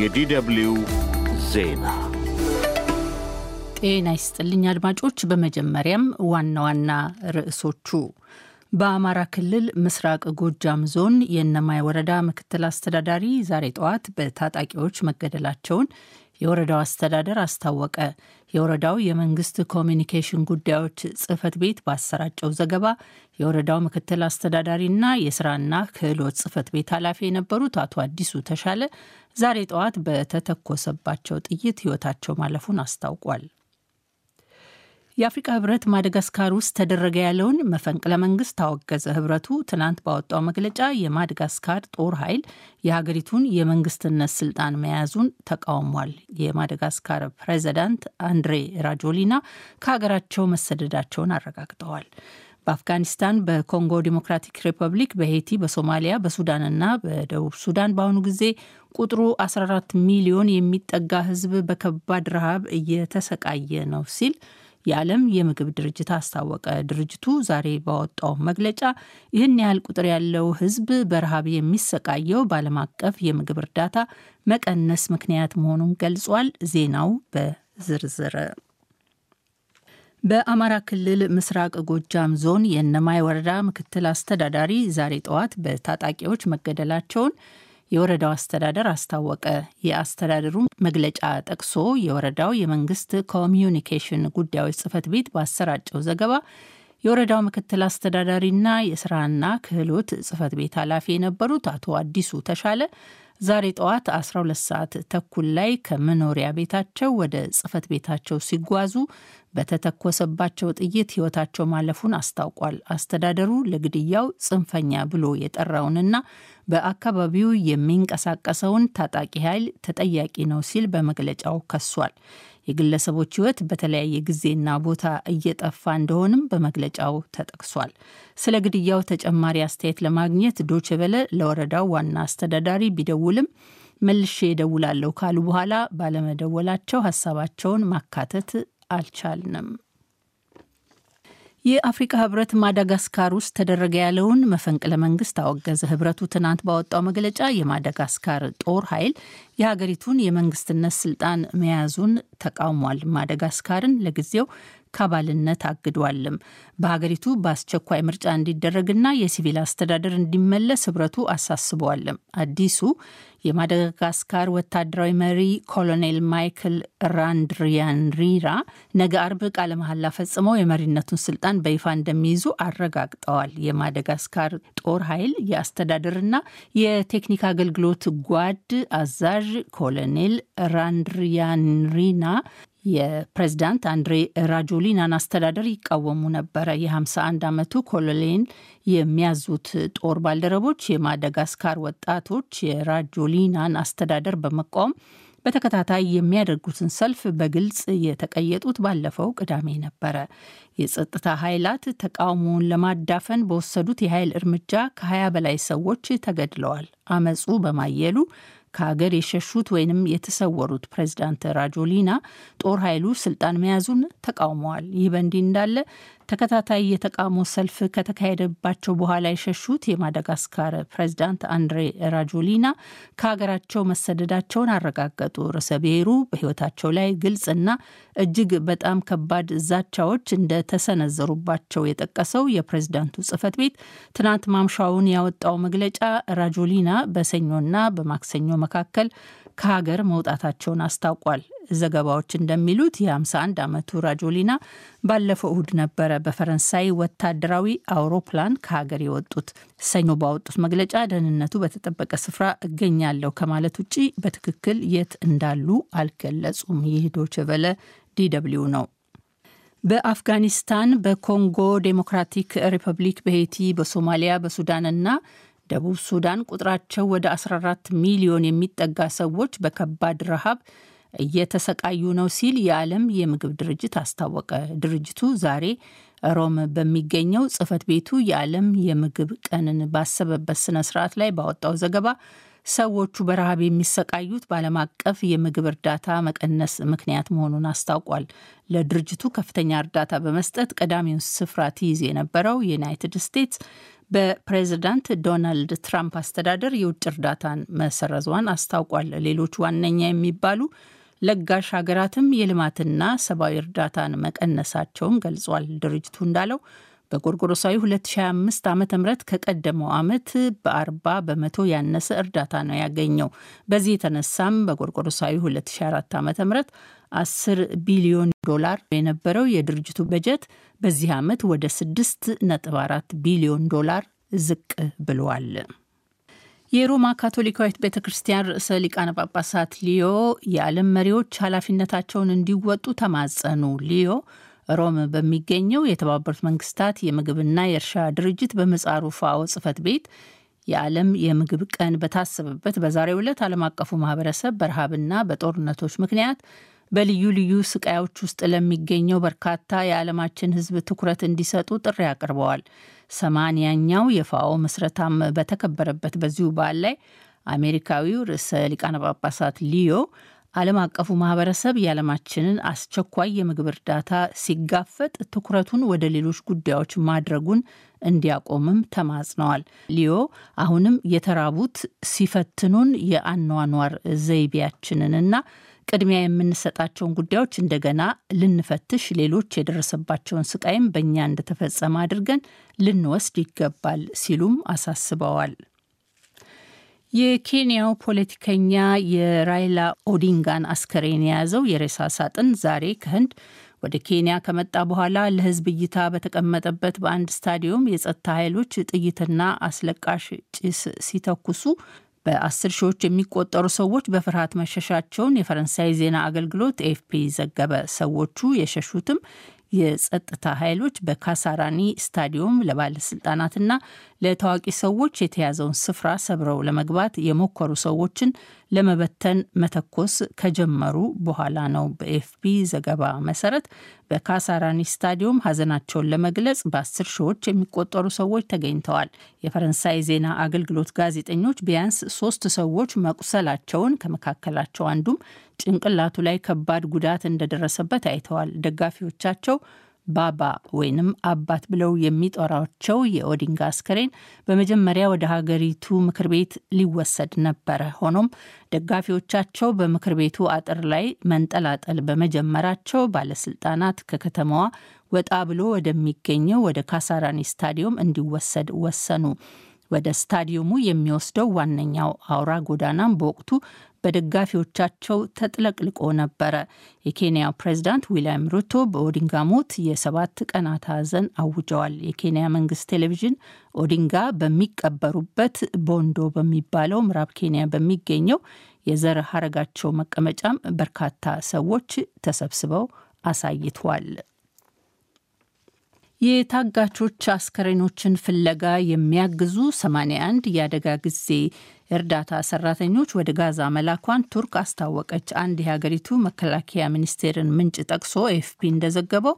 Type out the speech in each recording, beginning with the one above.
የዲደብልዩ ዜና ጤና ይስጥልኝ አድማጮች። በመጀመሪያም ዋና ዋና ርዕሶቹ በአማራ ክልል ምስራቅ ጎጃም ዞን የእነማይ ወረዳ ምክትል አስተዳዳሪ ዛሬ ጠዋት በታጣቂዎች መገደላቸውን የወረዳው አስተዳደር አስታወቀ። የወረዳው የመንግስት ኮሚኒኬሽን ጉዳዮች ጽህፈት ቤት ባሰራጨው ዘገባ የወረዳው ምክትል አስተዳዳሪና የስራና ክህሎት ጽህፈት ቤት ኃላፊ የነበሩት አቶ አዲሱ ተሻለ ዛሬ ጠዋት በተተኮሰባቸው ጥይት ህይወታቸው ማለፉን አስታውቋል። የአፍሪካ ህብረት ማደጋስካር ውስጥ ተደረገ ያለውን መፈንቅለ መንግስት ታወገዘ። ህብረቱ ትናንት ባወጣው መግለጫ የማደጋስካር ጦር ኃይል የሀገሪቱን የመንግስትነት ስልጣን መያዙን ተቃውሟል። የማደጋስካር ፕሬዚዳንት አንድሬ ራጆሊና ከሀገራቸው መሰደዳቸውን አረጋግጠዋል። በአፍጋኒስታን፣ በኮንጎ ዲሞክራቲክ ሪፐብሊክ፣ በሄቲ፣ በሶማሊያ፣ በሱዳንና በደቡብ ሱዳን በአሁኑ ጊዜ ቁጥሩ 14 ሚሊዮን የሚጠጋ ህዝብ በከባድ ረሃብ እየተሰቃየ ነው ሲል የዓለም የምግብ ድርጅት አስታወቀ። ድርጅቱ ዛሬ ባወጣው መግለጫ ይህን ያህል ቁጥር ያለው ሕዝብ በረሃብ የሚሰቃየው በዓለም አቀፍ የምግብ እርዳታ መቀነስ ምክንያት መሆኑን ገልጿል። ዜናው በዝርዝር በአማራ ክልል ምስራቅ ጎጃም ዞን የእነማይ ወረዳ ምክትል አስተዳዳሪ ዛሬ ጠዋት በታጣቂዎች መገደላቸውን የወረዳው አስተዳደር አስታወቀ። የአስተዳደሩም መግለጫ ጠቅሶ የወረዳው የመንግስት ኮሚዩኒኬሽን ጉዳዮች ጽህፈት ቤት ባሰራጨው ዘገባ የወረዳው ምክትል አስተዳዳሪና የስራና ክህሎት ጽህፈት ቤት ኃላፊ የነበሩት አቶ አዲሱ ተሻለ ዛሬ ጠዋት 12 ሰዓት ተኩል ላይ ከመኖሪያ ቤታቸው ወደ ጽህፈት ቤታቸው ሲጓዙ በተተኮሰባቸው ጥይት ህይወታቸው ማለፉን አስታውቋል። አስተዳደሩ ለግድያው ጽንፈኛ ብሎ የጠራውንና በአካባቢው የሚንቀሳቀሰውን ታጣቂ ኃይል ተጠያቂ ነው ሲል በመግለጫው ከሷል። የግለሰቦች ህይወት በተለያየ ጊዜና ቦታ እየጠፋ እንደሆንም በመግለጫው ተጠቅሷል። ስለ ግድያው ተጨማሪ አስተያየት ለማግኘት ዶችቨለ ለወረዳው ዋና አስተዳዳሪ ቢደውልም መልሼ እደውላለሁ ካሉ በኋላ ባለመደወላቸው ሀሳባቸውን ማካተት አልቻልንም። የአፍሪካ ህብረት ማዳጋስካር ውስጥ ተደረገ ያለውን መፈንቅለ መንግስት አወገዘ። ህብረቱ ትናንት ባወጣው መግለጫ የማዳጋስካር ጦር ኃይል የሀገሪቱን የመንግስትነት ስልጣን መያዙን ተቃውሟል። ማዳጋስካርን ለጊዜው ከአባልነት አግዷልም። በሀገሪቱ በአስቸኳይ ምርጫ እንዲደረግና የሲቪል አስተዳደር እንዲመለስ ህብረቱ አሳስበዋልም። አዲሱ የማደጋስካር ወታደራዊ መሪ ኮሎኔል ማይክል ሪራ ነገ አርብ ቃለ መሐላ ፈጽመው የመሪነቱን ስልጣን በይፋ እንደሚይዙ አረጋግጠዋል። የማደጋስካር ጦር ኃይል የአስተዳደርና የቴክኒክ አገልግሎት ጓድ አዛዥ ኮሎኔል ራንድሪያንሪና የፕሬዝዳንት አንድሬ ራጆሊናን አስተዳደር ይቃወሙ ነበረ። የ51 ዓመቱ ኮሎኔል የሚያዙት ጦር ባልደረቦች የማደጋስካር ወጣቶች የራጆሊናን አስተዳደር በመቃወም በተከታታይ የሚያደርጉትን ሰልፍ በግልጽ የተቀየጡት ባለፈው ቅዳሜ ነበረ። የጸጥታ ኃይላት ተቃውሞውን ለማዳፈን በወሰዱት የኃይል እርምጃ ከ20 በላይ ሰዎች ተገድለዋል። አመፁ በማየሉ ከሀገር የሸሹት ወይንም የተሰወሩት ፕሬዚዳንት ራጆሊና ጦር ኃይሉ ስልጣን መያዙን ተቃውመዋል። ይህ በእንዲህ እንዳለ ተከታታይ የተቃውሞ ሰልፍ ከተካሄደባቸው በኋላ የሸሹት የማደጋስካር ፕሬዚዳንት አንድሬ ራጆሊና ከሀገራቸው መሰደዳቸውን አረጋገጡ። ርዕሰ ብሔሩ በሕይወታቸው ላይ ግልጽና እጅግ በጣም ከባድ ዛቻዎች እንደተሰነዘሩባቸው የጠቀሰው የፕሬዝዳንቱ ጽህፈት ቤት ትናንት ማምሻውን ያወጣው መግለጫ ራጆሊና በሰኞና በማክሰኞ መካከል ከሀገር መውጣታቸውን አስታውቋል። ዘገባዎች እንደሚሉት የ51 ዓመቱ ራጆሊና ባለፈው እሁድ ነበረ በፈረንሳይ ወታደራዊ አውሮፕላን ከሀገር የወጡት። ሰኞ ባወጡት መግለጫ ደህንነቱ በተጠበቀ ስፍራ እገኛለሁ ከማለት ውጪ በትክክል የት እንዳሉ አልገለጹም። ይህ ዶይቼ ቬለ ዲደብሊው ነው። በአፍጋኒስታን፣ በኮንጎ ዴሞክራቲክ ሪፐብሊክ፣ በሄቲ፣ በሶማሊያ፣ በሱዳንና ደቡብ ሱዳን ቁጥራቸው ወደ 14 ሚሊዮን የሚጠጋ ሰዎች በከባድ ረሃብ እየተሰቃዩ ነው ሲል የዓለም የምግብ ድርጅት አስታወቀ። ድርጅቱ ዛሬ ሮም በሚገኘው ጽህፈት ቤቱ የዓለም የምግብ ቀንን ባሰበበት ስነ ስርዓት ላይ ባወጣው ዘገባ ሰዎቹ በረሃብ የሚሰቃዩት በዓለም አቀፍ የምግብ እርዳታ መቀነስ ምክንያት መሆኑን አስታውቋል። ለድርጅቱ ከፍተኛ እርዳታ በመስጠት ቀዳሚውን ስፍራ ትይዝ የነበረው ዩናይትድ ስቴትስ በፕሬዝዳንት ዶናልድ ትራምፕ አስተዳደር የውጭ እርዳታን መሰረዟን አስታውቋል። ሌሎች ዋነኛ የሚባሉ ለጋሽ ሀገራትም የልማትና ሰብአዊ እርዳታን መቀነሳቸውን ገልጿል። ድርጅቱ እንዳለው በጎርጎሮሳዊ 2025 ዓ ም ከቀደመው ዓመት በ40 በመቶ ያነሰ እርዳታ ነው ያገኘው። በዚህ የተነሳም በጎርጎሮሳዊ 2004 ዓ ም 10 ቢሊዮን ዶላር የነበረው የድርጅቱ በጀት በዚህ ዓመት ወደ 6.4 ቢሊዮን ዶላር ዝቅ ብሏል። የሮማ ካቶሊካዊት ቤተ ክርስቲያን ርዕሰ ሊቃነ ጳጳሳት ሊዮ የዓለም መሪዎች ኃላፊነታቸውን እንዲወጡ ተማጸኑ። ሊዮ ሮም በሚገኘው የተባበሩት መንግስታት የምግብና የእርሻ ድርጅት በምጻሩ ፋኦ ጽህፈት ቤት የዓለም የምግብ ቀን በታሰበበት በዛሬው ዕለት ዓለም አቀፉ ማህበረሰብ በረሃብና በጦርነቶች ምክንያት በልዩ ልዩ ስቃዮች ውስጥ ለሚገኘው በርካታ የዓለማችን ህዝብ ትኩረት እንዲሰጡ ጥሪ አቅርበዋል። ሰማንያኛው የፋኦ ምስረታም በተከበረበት በዚሁ በዓል ላይ አሜሪካዊው ርዕሰ ሊቃነ ጳጳሳት ሊዮ ዓለም አቀፉ ማህበረሰብ የዓለማችንን አስቸኳይ የምግብ እርዳታ ሲጋፈጥ ትኩረቱን ወደ ሌሎች ጉዳዮች ማድረጉን እንዲያቆምም ተማጽነዋል። ሊዮ አሁንም የተራቡት ሲፈትኑን የአኗኗር ዘይቤያችንንና ቅድሚያ የምንሰጣቸውን ጉዳዮች እንደገና ልንፈትሽ፣ ሌሎች የደረሰባቸውን ስቃይም በእኛ እንደተፈጸመ አድርገን ልንወስድ ይገባል ሲሉም አሳስበዋል። የኬንያው ፖለቲከኛ የራይላ ኦዲንጋን አስከሬን የያዘው የሬሳ ሳጥን ዛሬ ከህንድ ወደ ኬንያ ከመጣ በኋላ ለህዝብ እይታ በተቀመጠበት በአንድ ስታዲየም የጸጥታ ኃይሎች ጥይትና አስለቃሽ ጭስ ሲተኩሱ በአስር ሺዎች የሚቆጠሩ ሰዎች በፍርሃት መሸሻቸውን የፈረንሳይ ዜና አገልግሎት ኤፍፒ ዘገበ። ሰዎቹ የሸሹትም የጸጥታ ኃይሎች በካሳራኒ ስታዲየም ለባለስልጣናትና ለታዋቂ ሰዎች የተያዘውን ስፍራ ሰብረው ለመግባት የሞከሩ ሰዎችን ለመበተን መተኮስ ከጀመሩ በኋላ ነው። በኤፍፒ ዘገባ መሰረት በካሳራኒ ስታዲየም ሀዘናቸውን ለመግለጽ በአስር ሺዎች የሚቆጠሩ ሰዎች ተገኝተዋል። የፈረንሳይ ዜና አገልግሎት ጋዜጠኞች ቢያንስ ሶስት ሰዎች መቁሰላቸውን ከመካከላቸው አንዱም ጭንቅላቱ ላይ ከባድ ጉዳት እንደደረሰበት አይተዋል። ደጋፊዎቻቸው ባባ ወይንም አባት ብለው የሚጠራቸው የኦዲንጋ አስከሬን በመጀመሪያ ወደ ሀገሪቱ ምክር ቤት ሊወሰድ ነበረ። ሆኖም ደጋፊዎቻቸው በምክር ቤቱ አጥር ላይ መንጠላጠል በመጀመራቸው ባለስልጣናት ከከተማዋ ወጣ ብሎ ወደሚገኘው ወደ ካሳራኒ ስታዲየም እንዲወሰድ ወሰኑ። ወደ ስታዲየሙ የሚወስደው ዋነኛው አውራ ጎዳናም በወቅቱ በደጋፊዎቻቸው ተጥለቅልቆ ነበረ። የኬንያው ፕሬዝዳንት ዊልያም ሩቶ በኦዲንጋ ሞት የሰባት ቀናት ሐዘን አውጀዋል። የኬንያ መንግስት ቴሌቪዥን ኦዲንጋ በሚቀበሩበት ቦንዶ በሚባለው ምዕራብ ኬንያ በሚገኘው የዘር ሀረጋቸው መቀመጫም በርካታ ሰዎች ተሰብስበው አሳይቷል። የታጋቾች አስከሬኖችን ፍለጋ የሚያግዙ 81 የአደጋ ጊዜ እርዳታ ሰራተኞች ወደ ጋዛ መላኳን ቱርክ አስታወቀች። አንድ የሀገሪቱ መከላከያ ሚኒስቴርን ምንጭ ጠቅሶ ኤፍፒ እንደዘገበው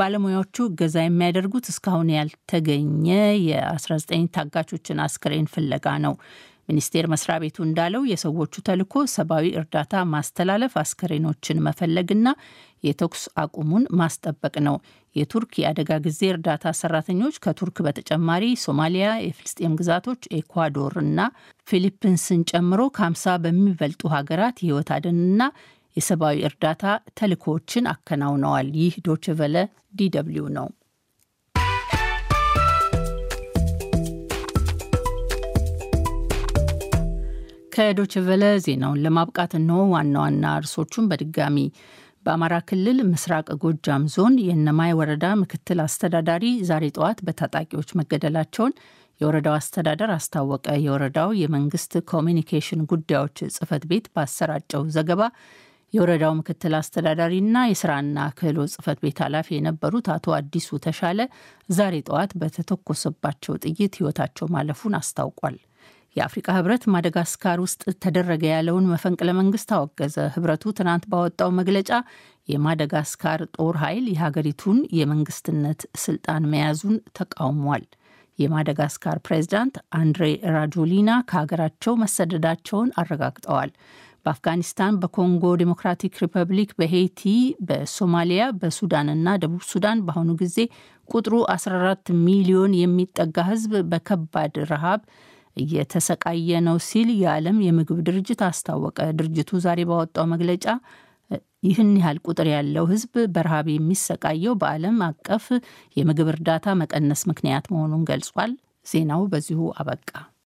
ባለሙያዎቹ እገዛ የሚያደርጉት እስካሁን ያልተገኘ የ19 ታጋቾችን አስክሬን ፍለጋ ነው። ሚኒስቴር መስሪያ ቤቱ እንዳለው የሰዎቹ ተልዕኮ ሰብአዊ እርዳታ ማስተላለፍ፣ አስከሬኖችን መፈለግና የተኩስ አቁሙን ማስጠበቅ ነው። የቱርክ የአደጋ ጊዜ እርዳታ ሰራተኞች ከቱርክ በተጨማሪ ሶማሊያ፣ የፍልስጤም ግዛቶች፣ ኤኳዶር እና ፊሊፒንስን ጨምሮ ከ50 በሚበልጡ ሀገራት የህይወት አድንና የሰብአዊ እርዳታ ተልእኮዎችን አከናውነዋል። ይህ ዶችቨለ ዲደብሊው ነው። ከዶችቨለ ዜናውን ለማብቃት እንሆ ዋና ዋና እርሶቹን በድጋሚ በአማራ ክልል ምስራቅ ጎጃም ዞን የነማይ ወረዳ ምክትል አስተዳዳሪ ዛሬ ጠዋት በታጣቂዎች መገደላቸውን የወረዳው አስተዳደር አስታወቀ። የወረዳው የመንግስት ኮሚኒኬሽን ጉዳዮች ጽህፈት ቤት ባሰራጨው ዘገባ የወረዳው ምክትል አስተዳዳሪና የስራና ክህሎት ጽህፈት ቤት ኃላፊ የነበሩት አቶ አዲሱ ተሻለ ዛሬ ጠዋት በተተኮሰባቸው ጥይት ህይወታቸው ማለፉን አስታውቋል። የአፍሪቃ ህብረት ማደጋስካር ውስጥ ተደረገ ያለውን መፈንቅለ መንግስት አወገዘ። ህብረቱ ትናንት ባወጣው መግለጫ የማደጋስካር ጦር ኃይል የሀገሪቱን የመንግስትነት ስልጣን መያዙን ተቃውሟል። የማደጋስካር ፕሬዚዳንት አንድሬ ራጆሊና ከሀገራቸው መሰደዳቸውን አረጋግጠዋል። በአፍጋኒስታን፣ በኮንጎ ዴሞክራቲክ ሪፐብሊክ፣ በሄይቲ፣ በሶማሊያ፣ በሱዳንና ደቡብ ሱዳን በአሁኑ ጊዜ ቁጥሩ 14 ሚሊዮን የሚጠጋ ህዝብ በከባድ ረሃብ እየተሰቃየ ነው ሲል የዓለም የምግብ ድርጅት አስታወቀ። ድርጅቱ ዛሬ ባወጣው መግለጫ ይህን ያህል ቁጥር ያለው ሕዝብ በረሃብ የሚሰቃየው በዓለም አቀፍ የምግብ እርዳታ መቀነስ ምክንያት መሆኑን ገልጿል። ዜናው በዚሁ አበቃ።